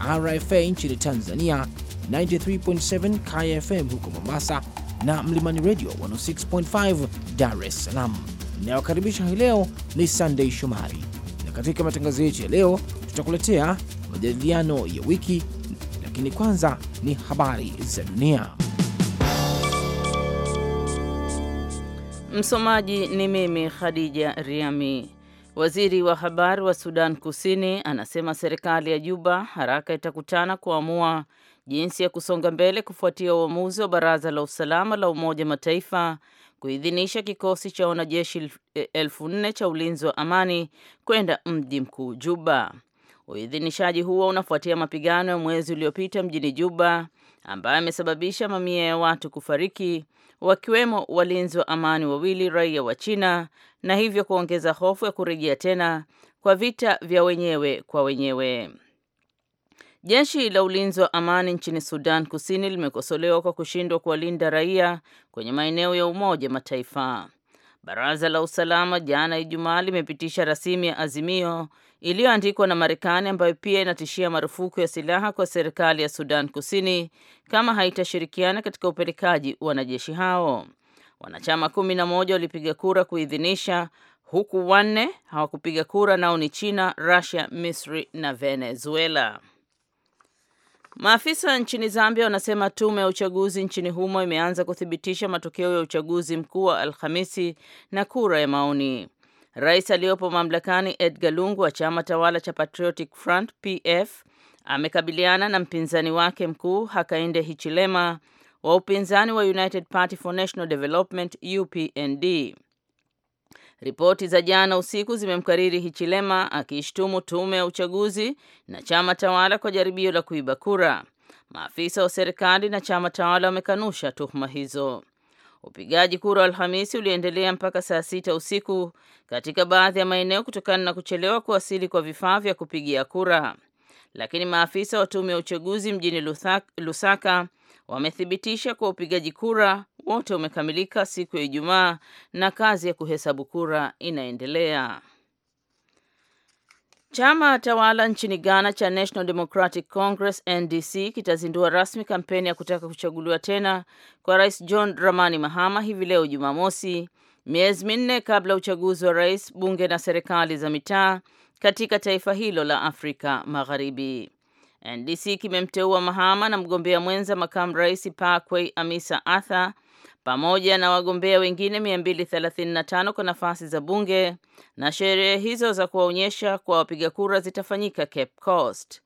RFA nchini Tanzania 93.7 Kaya FM huko Mombasa na Mlimani Radio 106.5 Dar es Salaam. Inayokaribisha hii leo ni Sunday Shomari, na katika matangazo yetu ya leo tutakuletea majadiliano ya wiki, lakini kwanza ni habari za dunia. Msomaji ni mimi Khadija Riami. Waziri wa habari wa Sudan Kusini anasema serikali ya Juba haraka itakutana kuamua jinsi ya kusonga mbele kufuatia uamuzi wa Baraza la Usalama la Umoja Mataifa kuidhinisha kikosi cha wanajeshi e, elfu nne cha ulinzi wa amani kwenda mji mkuu Juba. Uidhinishaji huo unafuatia mapigano ya mwezi uliopita mjini Juba ambayo amesababisha mamia ya watu kufariki wakiwemo walinzi wa amani wawili raia wa China na hivyo kuongeza hofu ya kurejea tena kwa vita vya wenyewe kwa wenyewe. Jeshi la ulinzi wa amani nchini Sudan Kusini limekosolewa kwa kushindwa kuwalinda raia kwenye maeneo ya Umoja Mataifa. Baraza la Usalama jana Ijumaa limepitisha rasimu ya azimio iliyoandikwa na Marekani ambayo pia inatishia marufuku ya silaha kwa serikali ya Sudan Kusini kama haitashirikiana katika upelekaji wanajeshi hao. Wanachama kumi na moja walipiga kura kuidhinisha, huku wanne hawakupiga kura, nao ni China, Russia, Misri na Venezuela. Maafisa nchini Zambia wanasema tume ya uchaguzi nchini humo imeanza kuthibitisha matokeo ya uchaguzi mkuu wa Alhamisi na kura ya maoni. Rais aliyopo mamlakani Edgar Lungu wa chama tawala cha Patriotic Front PF amekabiliana na mpinzani wake mkuu Hakainde Hichilema wa upinzani wa United Party for National Development UPND. Ripoti za jana usiku zimemkariri Hichilema akiishtumu tume ya uchaguzi na chama tawala kwa jaribio la kuiba kura. Maafisa wa serikali na chama tawala wamekanusha tuhuma hizo. Upigaji kura Alhamisi uliendelea mpaka saa sita usiku katika baadhi ya maeneo kutokana na kuchelewa kuwasili kwa vifaa vya kupigia kura, lakini maafisa wa tume ya uchaguzi mjini Lusaka wamethibitisha kuwa upigaji kura wote umekamilika siku ya Ijumaa na kazi ya kuhesabu kura inaendelea. Chama tawala nchini Ghana cha National Democratic Congress NDC kitazindua rasmi kampeni ya kutaka kuchaguliwa tena kwa Rais John Dramani Mahama hivi leo Jumamosi, miezi minne kabla uchaguzi wa rais, bunge na serikali za mitaa katika taifa hilo la Afrika Magharibi. NDC kimemteua Mahama na mgombea mwenza makamu rais Pakwei Amisa Arthur pamoja na wagombea wengine 235 kwa nafasi za bunge, na sherehe hizo za kuwaonyesha kwa wapiga kura zitafanyika Cape Coast.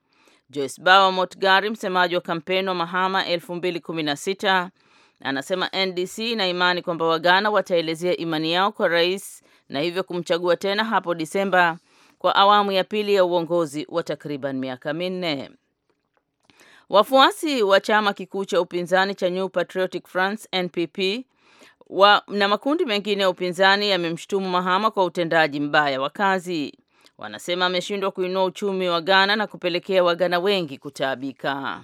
Joyce Bawa Motgari, msemaji wa kampeni wa Mahama 2016, anasema NDC ina imani kwamba Wagana wataelezea imani yao kwa rais na hivyo kumchagua tena hapo Disemba kwa awamu ya pili ya uongozi wa takriban miaka minne. Wafuasi wa chama kikuu cha upinzani cha New Patriotic France NPP wa, na makundi mengine ya upinzani yamemshutumu Mahama kwa utendaji mbaya wa kazi. Wanasema ameshindwa kuinua uchumi wa Ghana na kupelekea Wagana wengi kutaabika.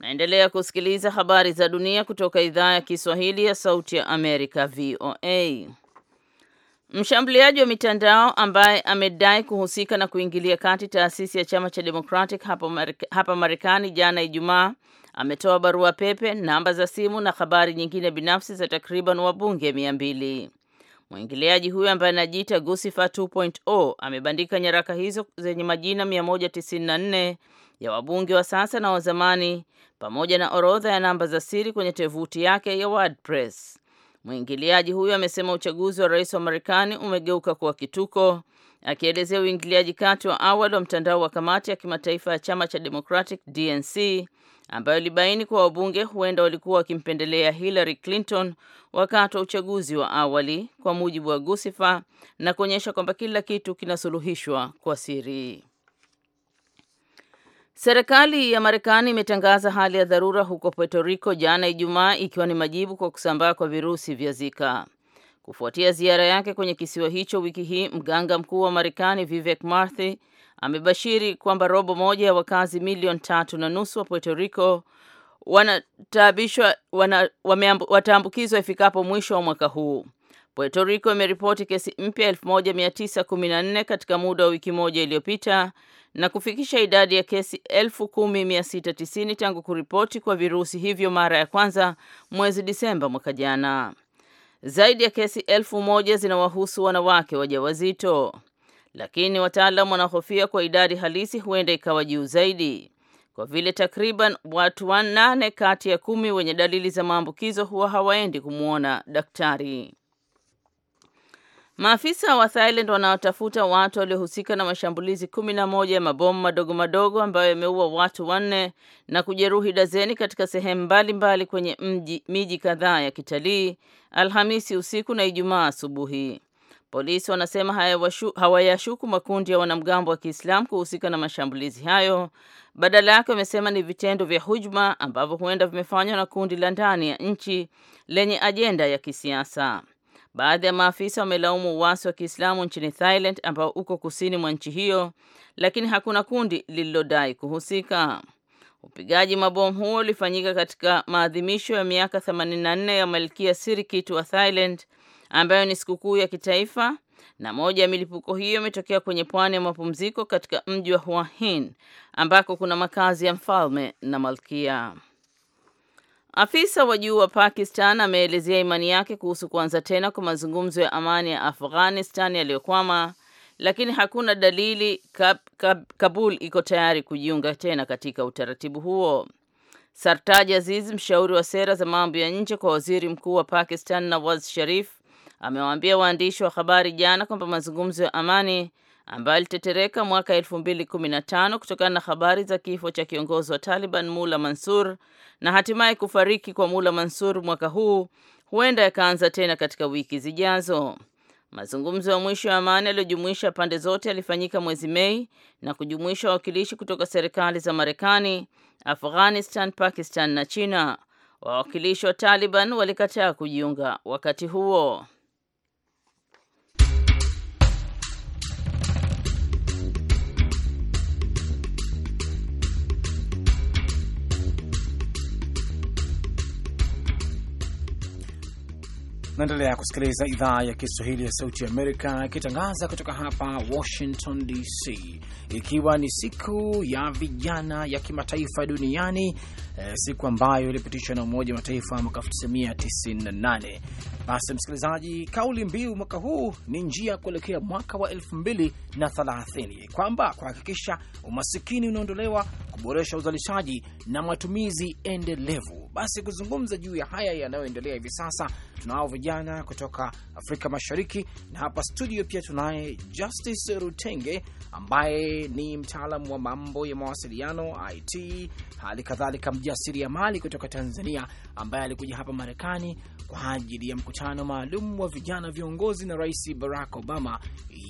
Naendelea kusikiliza habari za dunia kutoka idhaa ya Kiswahili ya Sauti ya Amerika VOA. Mshambuliaji wa mitandao ambaye amedai kuhusika na kuingilia kati taasisi ya chama cha Democratic hapa Marekani jana Ijumaa ametoa barua pepe, namba za simu na habari nyingine binafsi za takriban wabunge mia mbili. Mwingiliaji huyo ambaye anajiita Gusifa 2.0 amebandika nyaraka hizo zenye majina 194 ya wabunge wa sasa na wa zamani pamoja na orodha ya namba za siri kwenye tovuti yake ya WordPress. Mwingiliaji huyo amesema uchaguzi wa rais wa Marekani umegeuka kuwa kituko, akielezea uingiliaji kati wa awali wa mtandao wa kamati ya kimataifa ya chama cha Democratic DNC ambayo ilibaini kuwa wabunge huenda walikuwa wakimpendelea Hillary Clinton wakati wa uchaguzi wa awali, kwa mujibu wa Gusifa, na kuonyesha kwamba kila kitu kinasuluhishwa kwa siri. Serikali ya Marekani imetangaza hali ya dharura huko Puerto Rico jana Ijumaa ikiwa ni majibu kwa kusambaa kwa virusi vya Zika. Kufuatia ziara yake kwenye kisiwa hicho wiki hii, mganga mkuu wa Marekani Vivek Murthy amebashiri kwamba robo moja ya wakazi milioni tatu na nusu wa Puerto Rico wataambukizwa ifikapo mwisho wa mwaka huu. Puerto Rico imeripoti kesi mpya 1914 katika muda wa wiki moja iliyopita na kufikisha idadi ya kesi 10690 tangu kuripoti kwa virusi hivyo mara ya kwanza mwezi Disemba mwaka jana. Zaidi ya kesi elfu moja zinawahusu wanawake wajawazito, lakini wataalamu wanahofia kwa idadi halisi huenda ikawa juu zaidi kwa vile takriban watu wanane kati ya kumi wenye dalili za maambukizo huwa hawaendi kumwona daktari. Maafisa wa Thailand wanaotafuta watu waliohusika na mashambulizi kumi na moja ya mabomu madogo madogo ambayo yameua watu wanne na kujeruhi dazeni katika sehemu mbalimbali kwenye mji, miji kadhaa ya kitalii Alhamisi usiku na Ijumaa asubuhi. Polisi wanasema hawayashuku makundi ya wanamgambo wa Kiislamu kuhusika na mashambulizi hayo. Badala yake wamesema ni vitendo vya hujuma ambavyo huenda vimefanywa na kundi la ndani ya nchi lenye ajenda ya kisiasa. Baadhi ya maafisa wamelaumu uasi wa Kiislamu nchini Thailand ambao uko kusini mwa nchi hiyo, lakini hakuna kundi lililodai kuhusika. Upigaji mabomu huo ulifanyika katika maadhimisho ya miaka 84 ya Malkia Sirikit wa Thailand ambayo ni sikukuu ya kitaifa, na moja ya milipuko hiyo imetokea kwenye pwani ya mapumziko katika mji wa Hua Hin ambako kuna makazi ya mfalme na malkia. Afisa wa juu wa Pakistan ameelezea imani yake kuhusu kuanza tena kwa mazungumzo ya amani ya Afghanistan yaliyokwama, lakini hakuna dalili kab, kab, Kabul iko tayari kujiunga tena katika utaratibu huo. Sartaj Aziz, mshauri wa sera za mambo ya nje kwa waziri mkuu wa Pakistan Nawaz Sharif, amewaambia waandishi wa habari jana kwamba mazungumzo ya amani ambayo alitetereka mwaka 2015 kutokana na habari za kifo cha kiongozi wa Taliban Mula Mansur na hatimaye kufariki kwa Mula Mansur mwaka huu huenda yakaanza tena katika wiki zijazo. Mazungumzo ya mwisho ya amani yaliyojumuisha pande zote yalifanyika mwezi Mei na kujumuisha wawakilishi kutoka serikali za Marekani, Afghanistan, Pakistan na China. Wawakilishi wa Taliban walikataa kujiunga wakati huo. Naendelea kusikiliza idhaa ya Kiswahili ya Sauti Amerika ikitangaza kutoka hapa Washington DC, ikiwa ni siku ya vijana ya kimataifa duniani, e, siku ambayo ilipitishwa na Umoja wa Mataifa mwaka 1998. Basi msikilizaji, kauli mbiu mwaka huu ni njia kuelekea mwaka wa 2030 kwamba kuhakikisha umasikini unaondolewa, kuboresha uzalishaji na matumizi endelevu basi kuzungumza juu ya haya yanayoendelea hivi sasa, tunao vijana kutoka Afrika Mashariki na hapa studio pia tunaye Justice Rutenge ambaye ni mtaalamu wa mambo ya mawasiliano IT, hali kadhalika mjasiriamali kutoka Tanzania ambaye alikuja hapa Marekani kwa ajili ya mkutano maalum wa vijana viongozi na Rais Barack Obama,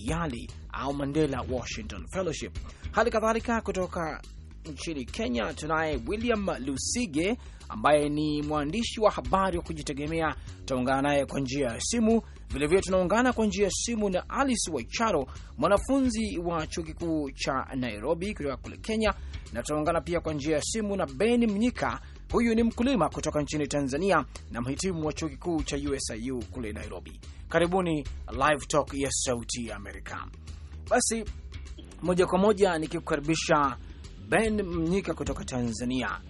YALI au Mandela Washington Fellowship. Hali kadhalika kutoka nchini Kenya tunaye William Lusige ambaye ni mwandishi wa habari wa kujitegemea. Tutaungana naye kwa njia ya simu, vilevile tunaungana kwa njia ya simu na Alice Waicharo, mwanafunzi wa chuo kikuu cha Nairobi kutoka kule Kenya, na tunaungana pia kwa njia ya simu na Ben Mnyika. Huyu ni mkulima kutoka nchini Tanzania na mhitimu wa chuo kikuu cha USIU kule Nairobi. Karibuni Live Talk ya Sauti ya Amerika. Basi moja kwa moja nikikukaribisha Ben Mnyika kutoka Tanzania.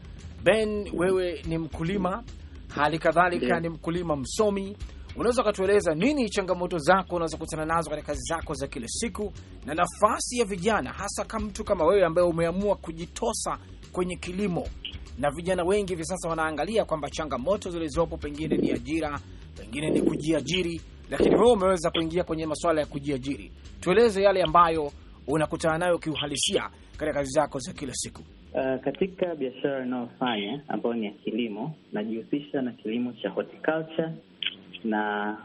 Ben, wewe ni mkulima, hali kadhalika yeah, ni mkulima msomi. Unaweza ukatueleza nini changamoto zako unazokutana nazo katika kazi zako za kila siku na nafasi ya vijana, hasa kama mtu kama wewe ambaye umeamua kujitosa kwenye kilimo, na vijana wengi hivi sasa wanaangalia kwamba changamoto zilizopo pengine ni ajira, pengine ni kujiajiri, lakini wewe umeweza kuingia kwenye masuala ya kujiajiri. Tueleze yale ambayo unakutana nayo kiuhalisia katika kazi zako za kila siku. Uh, katika biashara inayofanya ambayo ni ya kilimo, najihusisha na kilimo cha horticulture, na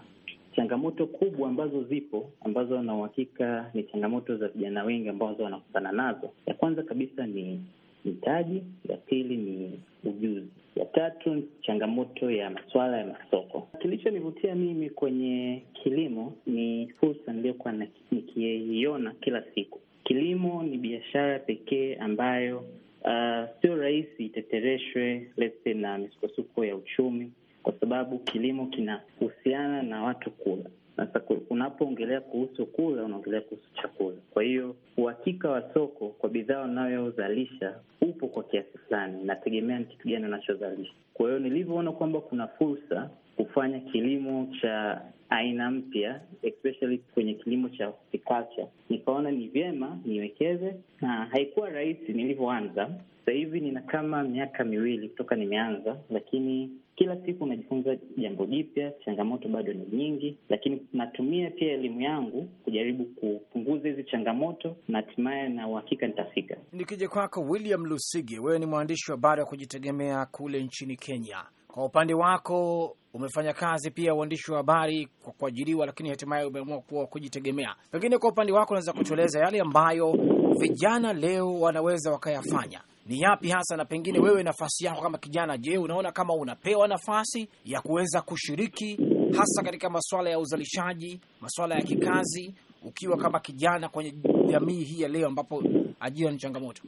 changamoto kubwa ambazo zipo ambazo na uhakika ni changamoto za vijana wengi ambazo wanakutana nazo. Ya kwanza kabisa ni mitaji, ya pili ni ujuzi, ya tatu ni changamoto ya masuala ya masoko. Kilichonivutia mimi kwenye kilimo ni fursa niliyokuwa nikiiona kila siku. Kilimo ni biashara pekee ambayo Uh, sio rahisi itetereshwe lese na misukosuko ya uchumi, kwa sababu kilimo kinahusiana na watu kula. Sasa unapoongelea kuhusu kula, unaongelea kuhusu chakula. Kwa hiyo uhakika wa soko kwa bidhaa unayozalisha upo kwa kiasi fulani, inategemea ni kitu gani unachozalisha. Kwa hiyo nilivyoona kwamba kuna fursa kufanya kilimo cha aina mpya especially kwenye kilimo cha horticulture, nikaona ni vyema niwekeze, na haikuwa rahisi nilivyoanza. Sasa hivi nina kama miaka miwili kutoka nimeanza, lakini kila siku unajifunza jambo jipya. Changamoto bado ni nyingi, lakini natumia pia elimu yangu kujaribu kupunguza hizi changamoto na hatimaye na uhakika nitafika. Nikija kwako William Lusige, wewe ni mwandishi wa habari wa kujitegemea kule nchini Kenya. Kwa upande wako umefanya kazi pia uandishi wa habari kwa kuajiriwa, lakini hatimaye umeamua kuwa kujitegemea. Pengine kwa upande wako unaweza kutueleza yale ambayo vijana leo wanaweza wakayafanya ni yapi hasa, na pengine wewe nafasi yako kama kijana, je, unaona kama unapewa nafasi ya kuweza kushiriki hasa katika masuala ya uzalishaji, masuala ya kikazi, ukiwa kama kijana kwenye jamii hii ya leo ambapo ajira ni changamoto?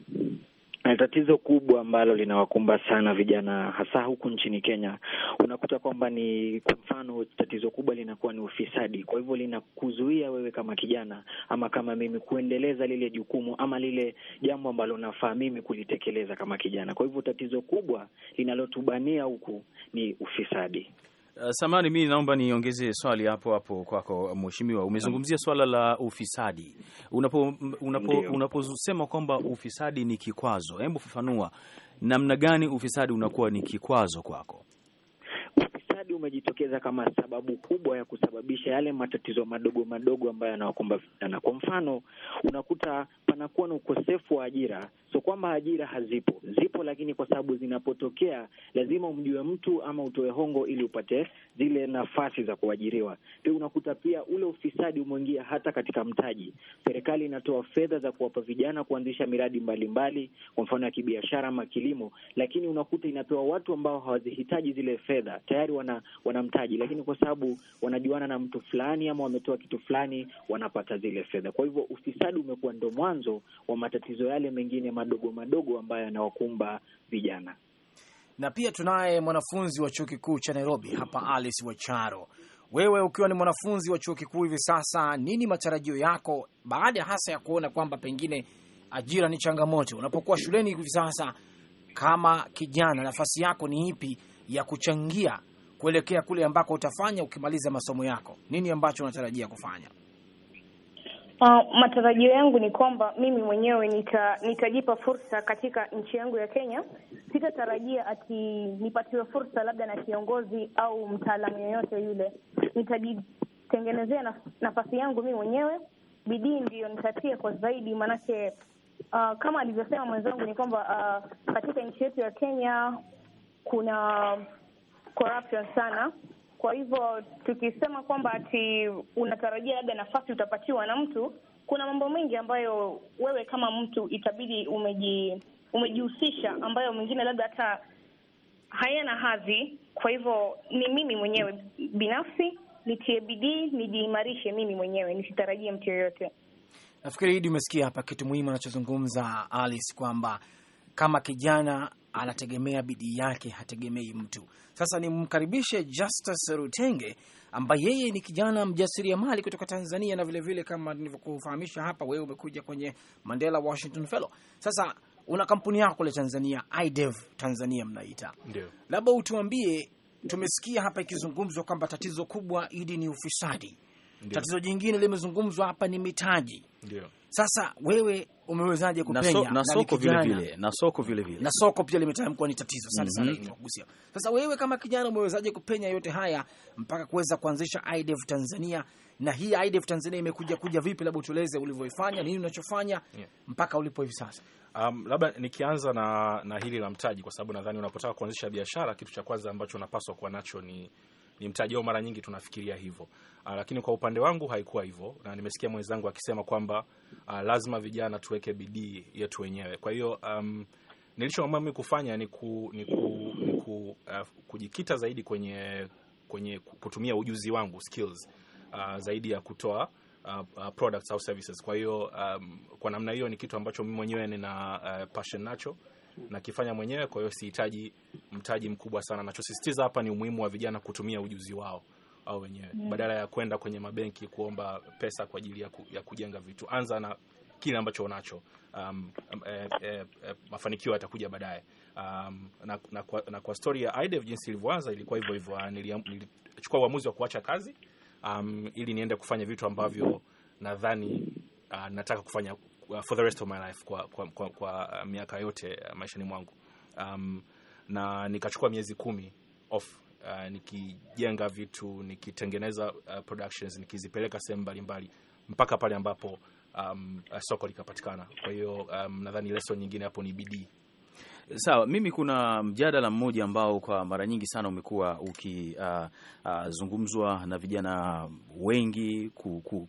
tatizo kubwa ambalo linawakumba sana vijana hasa huku nchini Kenya, unakuta kwamba ni kwa mfano, tatizo kubwa linakuwa ni ufisadi. Kwa hivyo linakuzuia wewe kama kijana ama kama mimi kuendeleza lile jukumu ama lile jambo ambalo nafaa mimi kulitekeleza kama kijana. Kwa hivyo tatizo kubwa linalotubania huku ni ufisadi. Uh, Samani, mi naomba niongeze swali hapo hapo kwako mheshimiwa. Umezungumzia swala la ufisadi, unaposema unapo, unapo kwamba ufisadi ni kikwazo, hebu fafanua namna gani ufisadi unakuwa ni kikwazo kwako? Ufisadi umejitokeza kama sababu kubwa ya kusababisha yale matatizo madogo madogo ambayo yanawakumba vijana. Kwa mfano, unakuta panakuwa na ukosefu wa ajira, sio kwamba ajira hazipo, zipo, lakini kwa sababu zinapotokea lazima umjue mtu ama utoe hongo ili upate zile nafasi za kuajiriwa. Pia unakuta pia ule ufisadi umeingia hata katika mtaji. Serikali inatoa fedha za kuwapa vijana kuanzisha miradi mbalimbali, kwa mfano ya kibiashara ama kilimo, lakini unakuta inapewa watu ambao hawazihitaji zile fedha, tayari wana, wana mtaji, lakini kwa sababu wanajuana na mtu fulani ama wametoa kitu fulani wanapata zile fedha. Kwa hivyo ufisadi umekuwa ndo mwanzo mwanzo wa matatizo yale mengine madogo madogo ambayo yanawakumba vijana. Na pia tunaye mwanafunzi wa chuo kikuu cha Nairobi hapa, Alice Wacharo. Wewe ukiwa ni mwanafunzi wa chuo kikuu hivi sasa, nini matarajio yako baada hasa ya kuona kwamba pengine ajira ni changamoto unapokuwa shuleni hivi sasa? Kama kijana, nafasi yako ni ipi ya kuchangia kuelekea kule ambako utafanya ukimaliza masomo yako? Nini ambacho unatarajia kufanya? Uh, matarajio yangu ni kwamba mimi mwenyewe nita, nitajipa fursa katika nchi yangu ya Kenya. Sitatarajia ati nipatiwe fursa labda na kiongozi au mtaalamu yoyote yule. Nitajitengenezea nafasi yangu mimi mwenyewe, bidii ndiyo nitatia kwa zaidi, maanake uh, ah, kama alivyosema mwenzangu ni kwamba uh, katika nchi yetu ya Kenya kuna corruption sana kwa hivyo tukisema kwamba ati unatarajia labda nafasi utapatiwa na mtu, kuna mambo mengi ambayo wewe kama mtu itabidi umeji umejihusisha ambayo mwingine labda hata hayana hadhi. Kwa hivyo ni mimi mwenyewe binafsi nitie bidii, nijiimarishe mimi mwenyewe, nisitarajie mtu yoyote. Nafikiri hidi umesikia hapa kitu muhimu anachozungumza Alice kwamba kama kijana anategemea bidii yake, hategemei mtu. Sasa nimkaribishe Justus Rutenge ambaye yeye ni kijana mjasiriamali kutoka Tanzania, na vilevile vile kama nilivyokufahamisha hapa, wewe umekuja kwenye Mandela Washington Fellow. Sasa una kampuni yako kule Tanzania, IDEV Tanzania mnaita, ndio labda utuambie. Tumesikia hapa ikizungumzwa kwamba tatizo kubwa idi ni ufisadi. Ndiyo. Tatizo jingine limezungumzwa hapa ni mitaji. Ndiyo. Sasa wewe umewezaje kupenya na, so, na soko vile vile na soko vile vile na soko pia limetamkwa ni tatizo sana sana mm -hmm. Sasa wewe kama kijana umewezaje kupenya yote haya mpaka kuweza kuanzisha IDF e Tanzania na hii IDF e Tanzania imekuja kuja vipi? Labda utueleze ulivyoifanya, nini unachofanya yeah. mpaka ulipo hivi sasa. Um, labda nikianza na, na hili la mtaji, kwa sababu nadhani unapotaka kuanzisha biashara, kitu cha kwanza ambacho unapaswa kuwa nacho ni ni mtajao, mara nyingi tunafikiria hivyo, ah, lakini kwa upande wangu haikuwa hivyo, na nimesikia mwenzangu akisema kwamba uh, lazima vijana tuweke bidii yetu wenyewe. Kwa hiyo um, nilichoamua mimi kufanya ni, ku, ni, ku, ni ku, uh, kujikita zaidi kwenye kwenye kutumia ujuzi wangu skills, uh, zaidi ya kutoa uh, products au services. Kwa hiyo um, kwa namna hiyo ni kitu ambacho mimi mwenyewe nina uh, passion nacho nakifanya mwenyewe, kwa hiyo sihitaji mtaji mkubwa sana. Nachosisitiza hapa ni umuhimu wa vijana kutumia ujuzi wao au wenyewe yeah, mm. badala ya kwenda kwenye mabenki kuomba pesa kwa ajili ya, ku, ya kujenga vitu. Anza na kile ambacho unacho. Um, e, e, e, mafanikio yatakuja baadaye. Um, na, na, na kwa story ya IDEV jinsi ilivyoanza ilikuwa hivyo hivyo, nilichukua uamuzi wa kuacha kazi um, ili niende kufanya vitu ambavyo nadhani uh, nataka kufanya Uh, for the rest of my life kwa, kwa, kwa, kwa uh, miaka yote uh, maishani mwangu um, na nikachukua miezi kumi off uh, nikijenga vitu nikitengeneza uh, productions nikizipeleka sehemu mbalimbali mpaka pale ambapo um, soko likapatikana. Kwa hiyo um, nadhani lesson nyingine hapo ni bidii Sawa, mimi kuna mjadala mmoja ambao kwa mara nyingi sana umekuwa ukizungumzwa uh, uh, na vijana wengi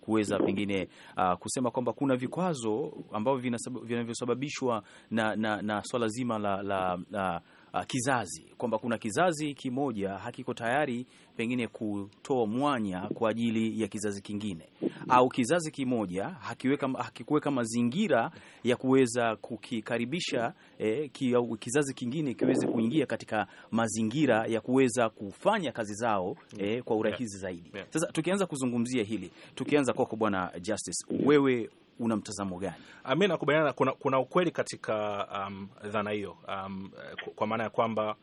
kuweza pengine uh, kusema kwamba kuna vikwazo ambavyo vinavyosababishwa na, na, na swala zima la, la, la uh, kizazi kwamba kuna kizazi kimoja hakiko tayari pengine kutoa mwanya kwa ajili ya kizazi kingine, au kizazi kimoja hakiweka, hakikuweka mazingira ya kuweza kukikaribisha eh, kizazi kingine kiweze kuingia katika mazingira ya kuweza kufanya kazi zao eh, kwa urahisi zaidi. Sasa tukianza kuzungumzia hili, tukianza kwako Bwana Justice, wewe una mtazamo gani? Ah, mi nakubaliana, kuna, kuna ukweli katika um, dhana hiyo um, kwa maana ya kwamba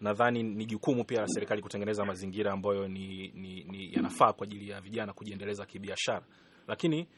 nadhani ni jukumu pia la serikali kutengeneza mazingira ambayo ni, ni, ni yanafaa kwa ajili ya vijana kujiendeleza kibiashara, lakini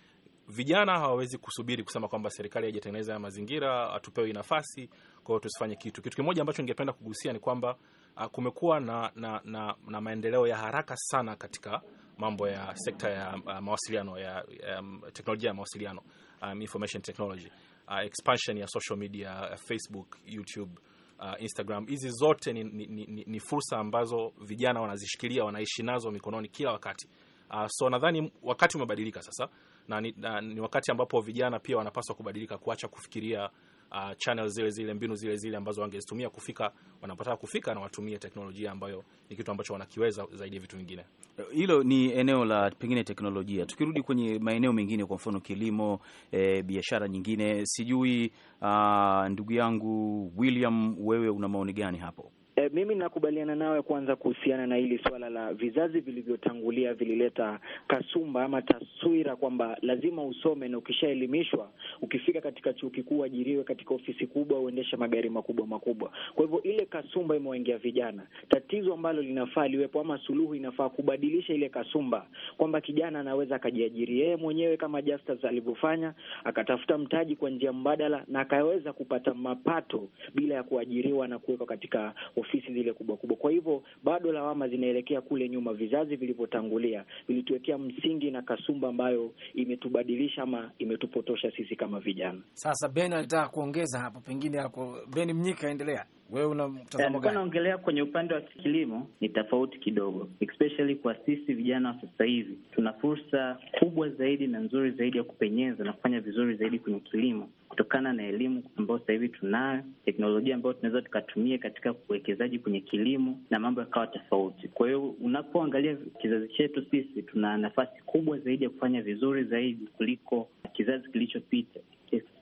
vijana hawawezi kusubiri kusema kwamba serikali haijatengeneza mazingira, atupewe nafasi, kwa hiyo tusifanye kitu. Kitu kimoja ambacho ningependa kugusia ni kwamba ah, kumekuwa na, na, na, na maendeleo ya haraka sana katika mambo ya sekta ya uh, mawasiliano ya um, teknolojia ya mawasiliano um, information technology uh, expansion ya social media uh, Facebook, YouTube Uh, Instagram hizi zote ni, ni, ni, ni fursa ambazo vijana wanazishikilia wanaishi nazo mikononi kila wakati. Uh, so nadhani wakati umebadilika sasa na ni, na, uh, ni wakati ambapo vijana pia wanapaswa kubadilika, kuacha kufikiria uh, channel zile zile, mbinu zile zile ambazo wangezitumia kufika wanapotaka kufika, na watumie teknolojia ambayo ni kitu ambacho wanakiweza zaidi ya vitu vingine. Uh, hilo ni eneo la pengine teknolojia. Tukirudi kwenye maeneo mengine, kwa mfano kilimo, e, biashara nyingine, sijui uh, ndugu yangu William, wewe una maoni gani hapo? E, mimi nakubaliana nawe kwanza kuhusiana na hili swala la vizazi vilivyotangulia vilileta kasumba ama taswira kwamba lazima usome na ukishaelimishwa, ukifika katika chuo kikuu ajiriwe katika ofisi kubwa, uendeshe magari makubwa makubwa. Kwa hivyo ile kasumba imewaingia vijana. Tatizo ambalo linafaa liwepo ama suluhu inafaa kubadilisha ile kasumba, kwamba kijana anaweza akajiajiri yeye mwenyewe kama Justus alivyofanya, akatafuta mtaji kwa njia mbadala na akaweza kupata mapato bila ya kuajiriwa na kuwekwa katika ofisi zile kubwa kubwa. Kwa hivyo bado lawama zinaelekea kule nyuma, vizazi vilivyotangulia vilituwekea msingi na kasumba ambayo imetubadilisha ama imetupotosha sisi kama vijana. Sasa Ben alitaka kuongeza hapo, pengine hapo Ben Mnyika, endelea. Wewe una mtazamo gani? Naongelea kwenye upande wa kilimo ni tofauti kidogo, especially kwa sisi vijana wa sasa hivi, tuna fursa kubwa zaidi na nzuri zaidi ya kupenyeza na kufanya vizuri zaidi kwenye kilimo kutokana na elimu ambayo sasa hivi tunayo, teknolojia ambayo tunaweza tukatumia katika uwekezaji kwenye kilimo na mambo yakawa tofauti. Kwa hiyo unapoangalia kizazi chetu sisi, tuna nafasi kubwa zaidi ya kufanya vizuri zaidi kuliko kizazi kilichopita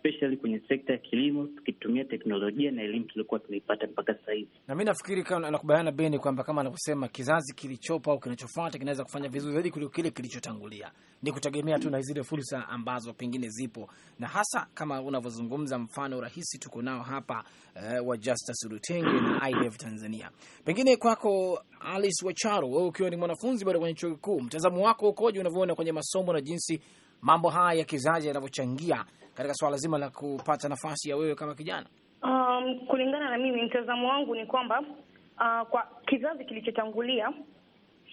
especially kwenye sekta ya kilimo, tukitumia teknolojia na elimu tuliokuwa tunaipata mpaka sasa hivi. Na mi nafikiri nakubaliana Beni kwamba kama anavyosema, kizazi kilichopo au kinachofuata kinaweza kufanya vizuri zaidi kuliko kile kilichotangulia. Ni kutegemea tu na zile fursa ambazo pengine zipo, na hasa kama unavyozungumza, mfano rahisi tuko nao hapa eh, wa Justus Rutenge na IDF e Tanzania. Pengine kwako Alice Wacharo, wewe ukiwa ni mwanafunzi bado kwenye chuo kikuu, mtazamo wako ukoje, unavyoona kwenye masomo na jinsi mambo haya ya kizazi yanavyochangia katika swala zima la kupata nafasi ya wewe kama kijana? Um, kulingana na mimi mtazamo wangu ni kwamba uh, kwa kizazi kilichotangulia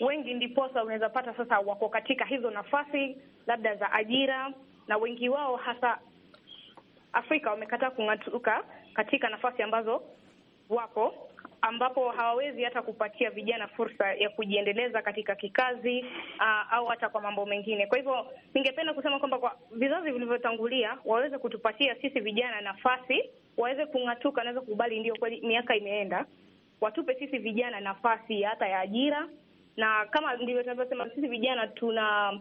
wengi ndiposa unaweza pata sasa wako katika hizo nafasi labda za ajira, na wengi wao hasa Afrika wamekataa kung'atuka katika nafasi ambazo wako ambapo hawawezi hata kupatia vijana fursa ya kujiendeleza katika kikazi uh, au hata kwa mambo mengine. Kwa hivyo ningependa kusema kwamba kwa vizazi vilivyotangulia waweze kutupatia sisi vijana nafasi, waweze kung'atuka, naweza kukubali, ndio kweli miaka imeenda, watupe sisi vijana nafasi hata ya ajira, na kama ndivyo tunavyosema sisi vijana tuna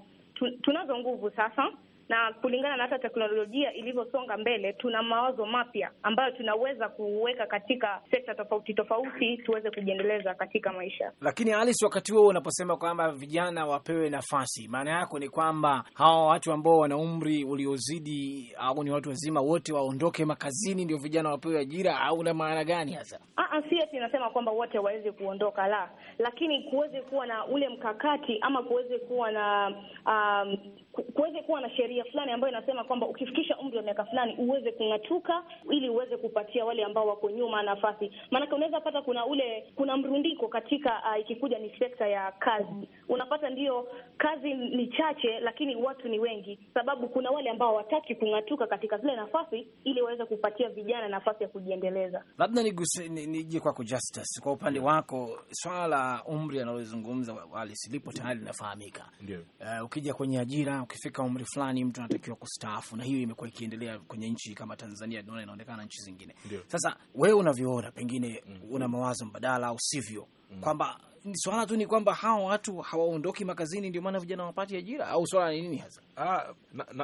tunazo nguvu sasa na kulingana na hata teknolojia ilivyosonga mbele, tuna mawazo mapya ambayo tunaweza kuweka katika sekta tofauti tofauti, tuweze kujiendeleza katika maisha. Lakini Alice, wakati huo unaposema kwamba vijana wapewe nafasi, maana yako ni kwamba hawa watu ambao wana umri uliozidi au ni watu wazima wote waondoke makazini ndio vijana wapewe ajira, au na maana gani hasa? Ah, ah, si eti nasema kwamba wote waweze kuondoka, la, lakini kuweze kuwa na ule mkakati ama kuweze kuwa na um, kuweze kuwa na sheria sheria fulani ambayo inasema kwamba ukifikisha umri wa miaka fulani uweze kung'atuka ili uweze kupatia wale ambao wako nyuma nafasi. Maanake unaweza pata kuna ule kuna mrundiko katika uh, ikikuja ni sekta ya kazi, unapata ndiyo kazi ni chache, lakini watu ni wengi, sababu kuna wale ambao hawataki kung'atuka katika zile nafasi ili waweze kupatia vijana nafasi ya kujiendeleza. Labda ni, nije kwako Justice, kwa upande wako swala la umri analozungumza wale silipo tayari linafahamika. Uh, ukija kwenye ajira ukifika umri fulani mtu anatakiwa kustaafu, na hiyo imekuwa ikiendelea kwenye nchi kama Tanzania, naona inaonekana nchi zingine. Sasa wewe unavyoona, pengine mm. una mawazo mbadala au sivyo? Mm. kwamba swala tu ni kwamba hawa watu hawaondoki makazini, ndio maana vijana wapati ajira au swala ni nini hasa? Ah,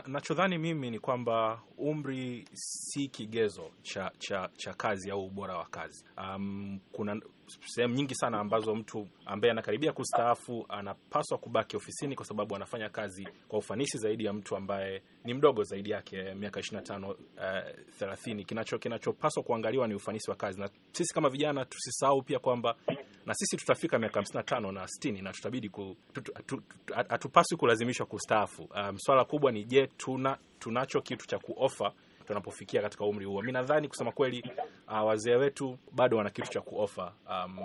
nachodhani na, na mimi ni kwamba umri si kigezo cha, cha, cha kazi au ubora wa kazi. Um, kuna sehemu nyingi sana ambazo mtu ambaye anakaribia kustaafu anapaswa kubaki ofisini kwa sababu anafanya kazi kwa ufanisi zaidi ya mtu ambaye ni mdogo zaidi yake eh, miaka 25, uh, 30. Kinacho kinachopaswa kuangaliwa ni ufanisi wa kazi, na sisi kama vijana tusisahau pia kwamba na sisi tutafika miaka 55 na 60 na tutabidi ku, hatupaswi kulazimishwa kustaafu. Um, swala kubwa ni je, tuna tunacho kitu cha kuofa tunapofikia katika umri huo. Mimi nadhani kusema kweli uh, wazee wetu bado wana kitu cha kuofa um,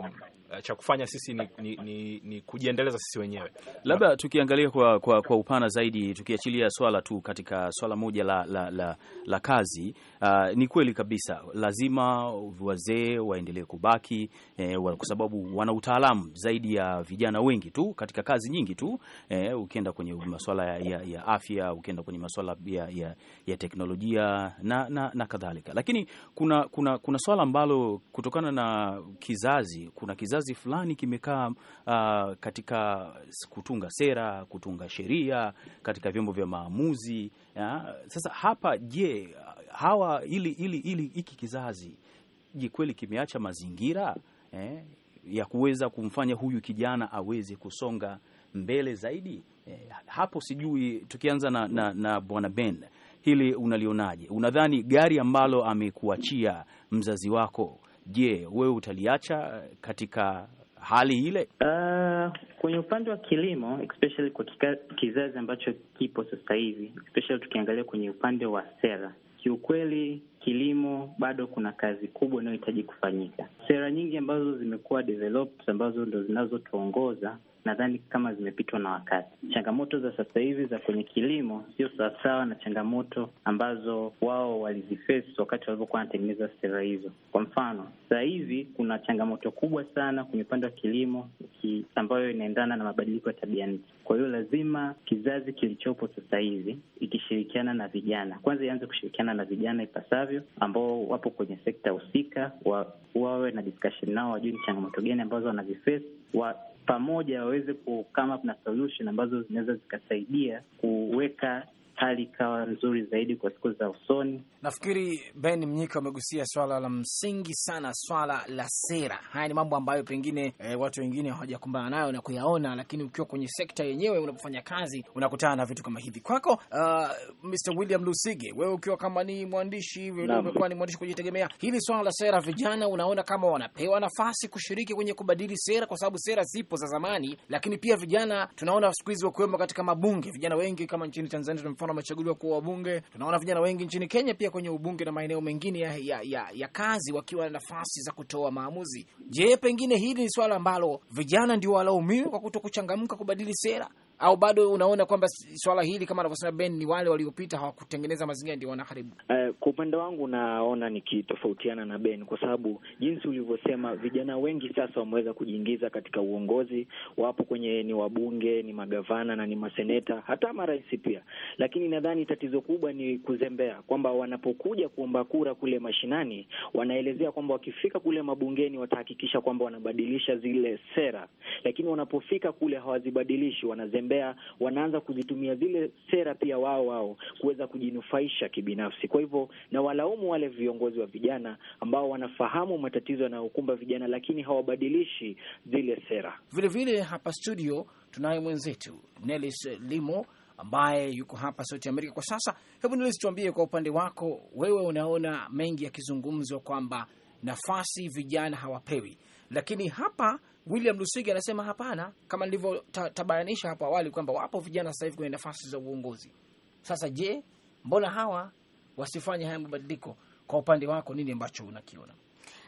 eh, cha kufanya sisi ni, ni, ni, ni kujiendeleza sisi wenyewe. Labda tukiangalia kwa, kwa, kwa upana zaidi, tukiachilia swala tu katika swala moja la, la, la, la kazi uh, ni kweli kabisa lazima wazee waendelee kubaki eh, kwa sababu wana utaalamu zaidi ya vijana wengi tu katika kazi nyingi tu eh, ukienda kwenye masuala ya, ya, ya afya, ukienda kwenye masuala ya, ya, ya teknolojia na, na, na kadhalika, lakini kuna, kuna, kuna kuna swala ambalo kutokana na kizazi, kuna kizazi fulani kimekaa uh, katika kutunga sera, kutunga sheria katika vyombo vya maamuzi ya. Sasa hapa je, hawa ili ili ili hiki kizazi je, kweli kimeacha mazingira eh, ya kuweza kumfanya huyu kijana aweze kusonga mbele zaidi eh, hapo sijui tukianza na, na, na Bwana Ben hili unalionaje? Unadhani gari ambalo amekuachia mzazi wako, je, wewe utaliacha katika hali ile? Uh, kwenye upande wa kilimo especially kwa kika, kizazi ambacho kipo sasa hivi especially tukiangalia kwenye upande wa sera Kiukweli kilimo bado kuna kazi kubwa inayohitaji kufanyika. Sera nyingi ambazo zimekuwa developed ambazo ndo zinazotuongoza nadhani kama zimepitwa na wakati. Changamoto za sasa hivi za kwenye kilimo sio sawasawa na changamoto ambazo wao walizifesi wakati walivyokuwa wanatengeneza sera hizo. Kwa mfano, sasa hivi kuna changamoto kubwa sana kwenye upande wa kilimo ki, ambayo inaendana na mabadiliko ya tabia nchi. Kwa hiyo lazima kizazi kilichopo sasa hivi ikishirikiana na vijana, kwanza ianze kushirikiana na vijana ipasavyo, ambao wapo kwenye sekta husika, wa, wawe na discussion nao, wajue ni changamoto gani ambazo wanaziface wa pamoja waweze ku na solution ambazo zinaweza zikasaidia kuweka hali ikawa nzuri zaidi kwa siku za usoni. Nafikiri Ben Mnyika amegusia swala la msingi sana, swala la sera. Haya ni mambo ambayo pengine e, watu wengine hawajakumbana nayo na kuyaona, lakini ukiwa kwenye sekta yenyewe unapofanya kazi unakutana na vitu kama hivi. Kwako uh, Mr. William Lusige, wewe ukiwa kama ni mwandishi hivi, umekuwa ni mwandishi kujitegemea, hili swala la sera, vijana unaona kama wanapewa nafasi kushiriki kwenye kubadili sera, kwa sababu sera zipo za zamani, lakini pia vijana tunaona siku hizi wakiwemo katika mabunge, vijana wengi kama nchini Tanzania tunaona wamechaguliwa kuwa wabunge, tunaona vijana wengi nchini Kenya pia kwenye ubunge na maeneo mengine ya, ya, ya, ya kazi wakiwa na nafasi za kutoa maamuzi. Je, pengine hili ni swala ambalo vijana ndio walaumiwa kwa kuto kuchangamka kubadili sera au bado unaona kwamba swala hili kama anavyosema Ben ni wale waliopita hawakutengeneza mazingira ndio wanaharibu? Uh, kwa upande wangu naona nikitofautiana na Ben kwa sababu jinsi ulivyosema, vijana wengi sasa wameweza kujiingiza katika uongozi, wapo kwenye ni wabunge, ni magavana na ni maseneta, hata marais pia. Lakini nadhani tatizo kubwa ni kuzembea, kwamba wanapokuja kuomba kura kule mashinani, wanaelezea kwamba wakifika kule mabungeni watahakikisha kwamba wanabadilisha zile sera, lakini wanapofika kule hawazibadilishi, wanazembea wanagombea wanaanza kuzitumia zile sera pia wao wao kuweza kujinufaisha kibinafsi. Kwa hivyo na walaumu wale viongozi wa vijana ambao wanafahamu matatizo yanayokumba vijana, lakini hawabadilishi zile sera. Vilevile vile hapa studio tunaye mwenzetu Nelis Limo ambaye yuko hapa Sauti Amerika kwa sasa. Hebu Nelis, tuambie kwa upande wako, wewe unaona mengi yakizungumzwa kwamba nafasi vijana hawapewi, lakini hapa William Lusigi anasema hapana, kama nilivyotabayanisha hapo awali kwamba wapo vijana sasa hivi kwenye nafasi za uongozi. Sasa je, mbona hawa wasifanye haya mabadiliko? Kwa upande wako nini ambacho unakiona?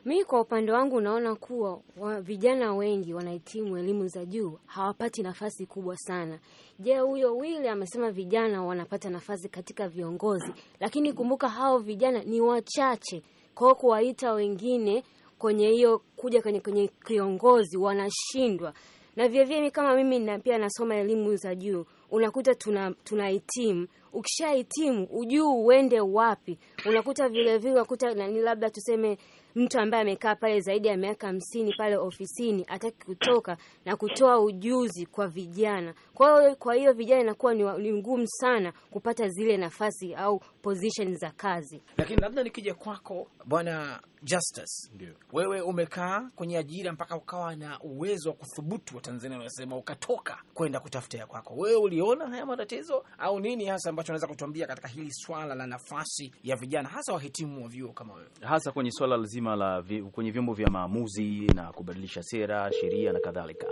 Mi kwa upande wangu naona kuwa wa vijana wengi wanahitimu elimu za juu hawapati nafasi kubwa sana. Je, huyo Wili amesema vijana wanapata nafasi katika viongozi, lakini kumbuka hao vijana ni wachache. kwao kuwaita wengine kwenye hiyo kuja kwenye, kwenye kiongozi wanashindwa. Na vilevile kama mimi na pia nasoma elimu za juu, unakuta tuna tunahitimu. Ukishahitimu ujuu uende wapi? Unakuta vilevile unakuta nani, labda tuseme mtu ambaye amekaa pale zaidi ya miaka hamsini pale ofisini ataki kutoka na kutoa ujuzi kwa vijana. Kwa hiyo kwa hiyo vijana inakuwa ni ngumu sana kupata zile nafasi au position za kazi. Lakini labda nikija kwako Bwana Justice, ndio wewe umekaa kwenye ajira mpaka ukawa na uwezo wa kuthubutu, Watanzania wanasema, ukatoka kwenda kutafuta ya kwako. Wewe uliona haya matatizo au nini hasa ambacho unaweza kutuambia katika hili swala la nafasi ya vijana hasa wahitimu wa vyuo kama wewe, hasa kwenye swala lazima la vi, kwenye vyombo vya maamuzi na kubadilisha sera, sheria na kadhalika?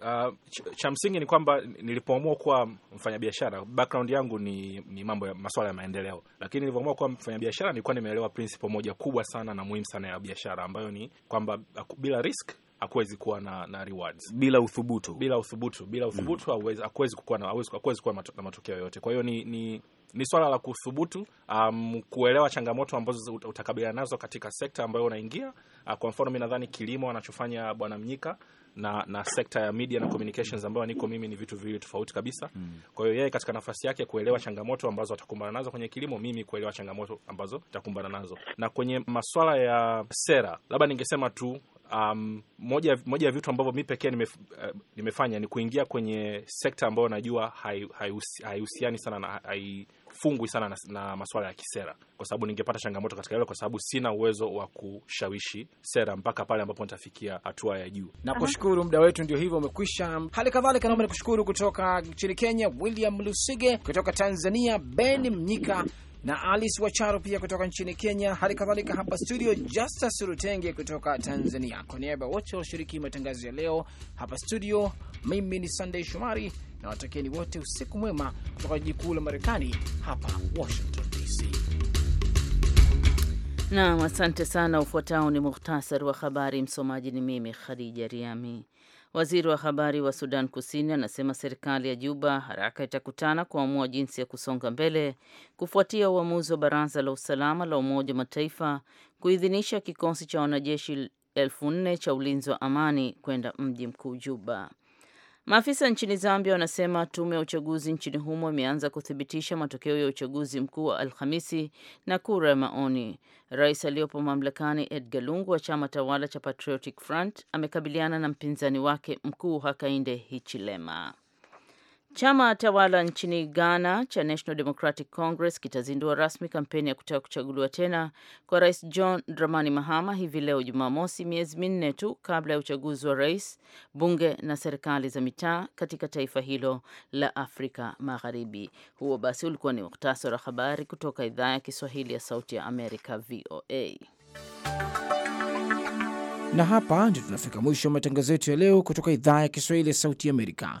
Uh, ch cha msingi ni kwamba nilipoamua kuwa mfanyabiashara, background yangu ni, ni mambo ya masuala ya maendeleo, lakini nilipoamua kuwa mfanyabiashara nilikuwa nimeelewa principle moja kubwa sana na muhimu sana ya biashara ambayo ni kwamba bila risk hakuwezi kuwa na, na rewards bila uthubutu, bila uthubutu, bila mm. uthubutu mm. hakuwezi kuwa na, hakuwezi kuwa na matokeo yote. Kwa hiyo ni, ni ni swala la kuthubutu, um, kuelewa changamoto ambazo utakabiliana nazo katika sekta ambayo unaingia. Uh, kwa mfano, mi nadhani kilimo anachofanya Bwana Mnyika na na sekta ya media na communications ambayo niko mimi ni vitu viwili tofauti kabisa. Mm. Kwa hiyo yeye katika nafasi yake kuelewa changamoto ambazo atakumbana nazo kwenye kilimo, mimi kuelewa changamoto ambazo atakumbana nazo. Na kwenye masuala ya sera, labda ningesema tu um, moja, moja ya vitu ambavyo mi pekee uh, nimefanya ni kuingia kwenye sekta ambayo najua haihusiani sana na haifungwi sana na, na masuala ya kisera, kwa sababu ningepata changamoto katika hilo, kwa sababu sina uwezo wa kushawishi sera mpaka pale ambapo nitafikia hatua ya juu. Na kushukuru muda wetu ndio hivyo umekwisha. Hali kadhalika naomba nikushukuru kutoka nchini Kenya William Lusige, kutoka Tanzania Ben Mnyika na Alice Wacharo pia kutoka nchini Kenya, hali kadhalika hapa studio Justa Rutenge kutoka Tanzania. Kwa niaba ya wote walioshiriki matangazo ya leo hapa studio, mimi ni Sunday Shomari na watakieni wote usiku mwema kutoka jiji kuu la Marekani hapa Washington DC. Naam, asante sana. Ufuatao ni muhtasari wa habari, msomaji ni mimi Khadija Riami. Waziri wa habari wa Sudan Kusini anasema serikali ya Juba haraka itakutana kuamua jinsi ya kusonga mbele kufuatia uamuzi wa Baraza la Usalama la Umoja wa Mataifa kuidhinisha kikosi cha wanajeshi elfu nne cha ulinzi wa amani kwenda mji mkuu Juba. Maafisa nchini Zambia wanasema tume ya uchaguzi nchini humo imeanza kuthibitisha matokeo ya uchaguzi mkuu wa Alhamisi na kura ya maoni. Rais aliyopo mamlakani Edgar Lungu wa chama tawala cha Patriotic Front amekabiliana na mpinzani wake mkuu Hakainde Hichilema. Chama tawala nchini Ghana cha National Democratic Congress kitazindua rasmi kampeni ya kutaka kuchaguliwa tena kwa Rais John Dramani Mahama hivi leo Jumamosi, miezi minne tu kabla ya uchaguzi wa rais, bunge na serikali za mitaa katika taifa hilo la Afrika Magharibi. Huo basi ulikuwa ni muhtasari wa habari kutoka idhaa ya Kiswahili ya Sauti ya Amerika, VOA. Na hapa ndio tunafika mwisho wa matangazo yetu ya leo kutoka idhaa ya Kiswahili ya Sauti Amerika.